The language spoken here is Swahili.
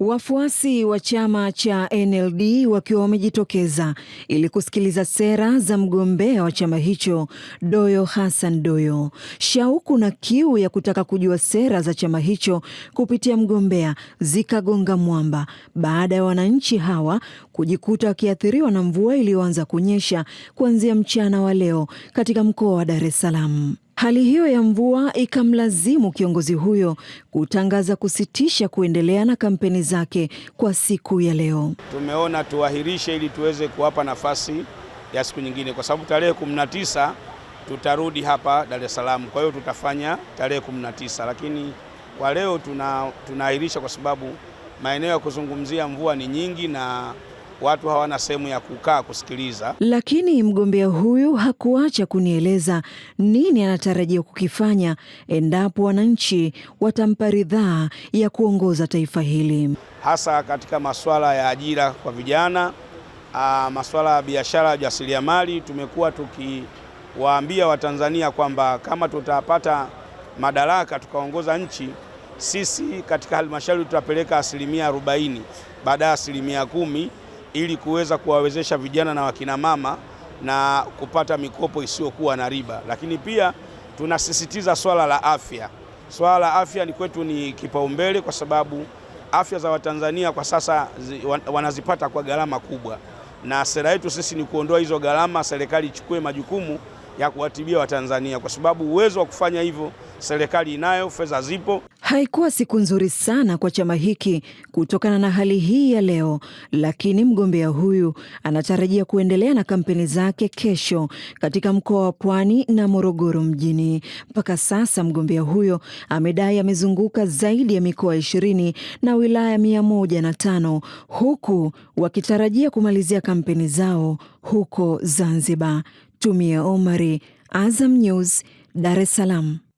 Wafuasi wa chama cha NLD wakiwa wamejitokeza ili kusikiliza sera za mgombea wa chama hicho Doyo Hassan Doyo. Shauku na kiu ya kutaka kujua sera za chama hicho kupitia mgombea zikagonga mwamba baada ya wananchi hawa kujikuta wakiathiriwa na mvua iliyoanza kunyesha kuanzia mchana wa leo katika mkoa wa Dar es Salaam. Hali hiyo ya mvua ikamlazimu kiongozi huyo kutangaza kusitisha kuendelea na kampeni zake kwa siku ya leo. Tumeona tuahirishe ili tuweze kuwapa nafasi ya siku nyingine, kwa sababu tarehe 19 tutarudi hapa Dar es Salaam. Kwa hiyo tutafanya tarehe 19, lakini kwa leo tuna, tunaahirisha kwa sababu maeneo ya kuzungumzia mvua ni nyingi na watu hawana sehemu ya kukaa kusikiliza. Lakini mgombea huyu hakuacha kunieleza nini anatarajia kukifanya endapo wananchi watampa ridhaa ya kuongoza taifa hili, hasa katika masuala ya ajira kwa vijana, ah, masuala ya biashara, jasiriamali. Tumekuwa tukiwaambia Watanzania kwamba kama tutapata madaraka tukaongoza nchi sisi katika halmashauri tutapeleka asilimia arobaini baada ya asilimia kumi ili kuweza kuwawezesha vijana na wakinamama na kupata mikopo isiyokuwa na riba. Lakini pia tunasisitiza swala la afya. Swala la afya ni kwetu ni kipaumbele, kwa sababu afya za Watanzania kwa sasa zi, wanazipata kwa gharama kubwa, na sera yetu sisi ni kuondoa hizo gharama, serikali ichukue majukumu ya kuwatibia Watanzania, kwa sababu uwezo wa kufanya hivyo serikali inayo, fedha zipo. Haikuwa siku nzuri sana kwa chama hiki kutokana na hali hii ya leo, lakini mgombea huyu anatarajia kuendelea na kampeni zake kesho katika mkoa wa Pwani na Morogoro mjini. Mpaka sasa mgombea huyo amedai amezunguka zaidi ya mikoa ishirini na wilaya mia moja na tano huku wakitarajia kumalizia kampeni zao huko Zanzibar. Tumie Omari, Azam News, Dar es Salaam.